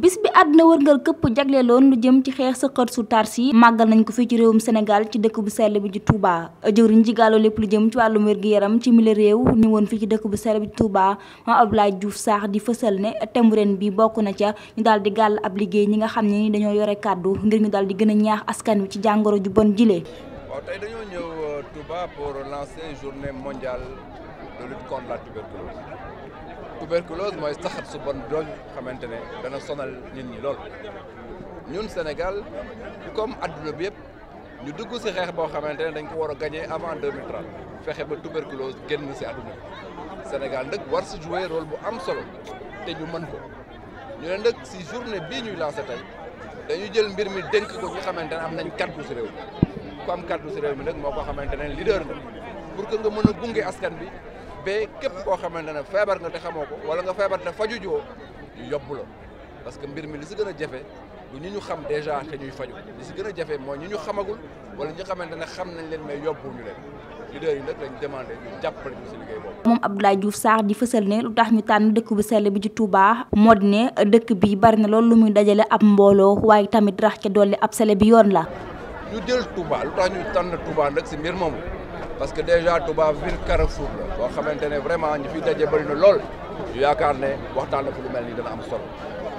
bis bi àdduna wërngal këpp jagleeloon lu jëm ci xeex sa su tars yi màggal nañ ko fii ci réewum Sénégal ci dëkk bu sell bi ci Touba jëwriñ ji gàlloo lépp lu jëm ci wàllum wér-gu-yaram ci mille réew ni woon fii ci dëkk bu sell bi ci Touba moom Abdoulaye Diouf Sarr di fësal ne thème bi bokk na ca ñu daal di gàll ab liggéey ñi nga xam ne ni dañoo yore kàddu ngir ñu daal di gën a ñaax askan wi ci jàngoro ju bon jilee waaw tey dañoo ñëw euh, Touba pour lancer journée de lutte contre la tuberculose tuberculose mooy saxat su bon dooñ xamante ne dana sonal nit ñi lool ñun senegal comme adduna bi yëpp ñu dugg si xeex boo xamante ne dañ ko war a gagné avant 2030 fexe ba tuberculose génn si adduna Sénégal nag war si jouer rôle bu am solo te ñu mën ko ñu ne nag si journée bii ñuy laa tey dañuy jël mbir mi dénk ko ñu xamante ne am nañ kaddu si réew mi ku am kaddu si réew mi nag moo ko xamante ne leader nga pour que nga mën gunge askan bi ba képp koo xamante ne feebar nga te xamoo ko wala nga feebar te faju joo ñu yóbbu la parce que mbir mi li si gën a jafe du ñi ñu xam déjà te ñuy faju li si gën a jafe mooy ñi ñu xamagul wala ñi xamante ne xam nañ leen mais yóbbu ñu leen leader yi nag lañ demandé ñu jàppale ñu si moom Abdoulaye Diouf Sarr di fësal ne lu tax ñu tànn dëkk bu sell bi ci Touba moo ne dëkk bi bari na loolu lu muy dajale ab mbooloo waaye tamit rax ca dolli ab sell bi yoon la. ñu jël Touba lu tax ñu tànn Touba nag si mbir moomu parce que déjà Touba ville carrefour la boo xamante ne vraiment ñu fi dajee bëri na lool ñu yaakaar ne waxtaan na fu lu mel nii dana am solo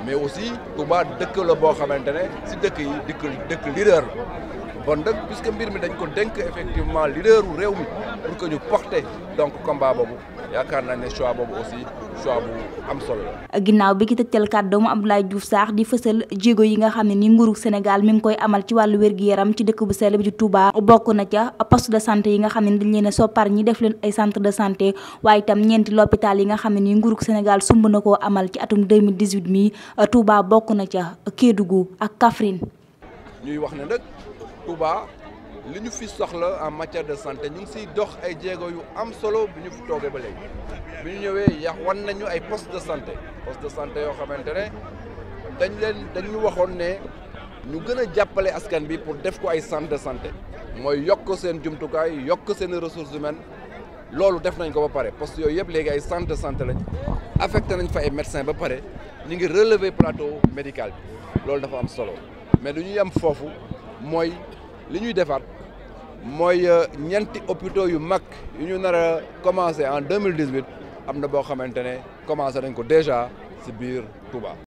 mais aussi Touba dëkk la boo xamante ne si dëkk yi dëkk dëkk leader la bon nag puisque mbir mi dañ ko dénk effectivement leader wu réew mi pour que ñu porter donc combat boobu. yaakaar naa ne choix boobu aussi choix bu am solo la. ginnaaw bi ki tëjtal kàddoom Abdoulaye Diouf saax di fësal jéego yi nga xam ne ni nguuru Sénégal mi ngi koy amal ci wàllu wér-gu-yaram ci dëkk bu sell bi ci Touba. bokk na ca poste de santé yi nga xam ne dañ leen a def leen ay centre de santé waaye itam ñeenti l'hôpital yi nga xam ne ni nguuru Sénégal sumb na koo amal ci atum 2018 mi Touba bokk na ca Kédougou ak kafrin ñuy wax ne nag Touba. li ñu fi soxla en matière de santé ñu ngi siy dox ay jéego yu am solo bu ñu toogee ba léegi bi ñëwee yax wan nañu ay poste de santé poste de santé yoo xamante ne dañ leen dañu waxoon ne ñu gën a jàppale askan bi pour def ko ay centre de santé mooy yokk seen jumtukaay yokk seen ressources humaines loolu def nañ ko ba pare poste yooyu yëpp léegi ay centre de santé lañ affecté nañ fa ay médecins ba pare ñu ngi relever plateau médical bi loolu dafa am solo li ñuy defar mooy euh, ñeenti hôpitaux yu mag yu ñu nar a commencé en deux mille dix huit am na boo xamante ne commencé nañ ko déjà ci biir Touba.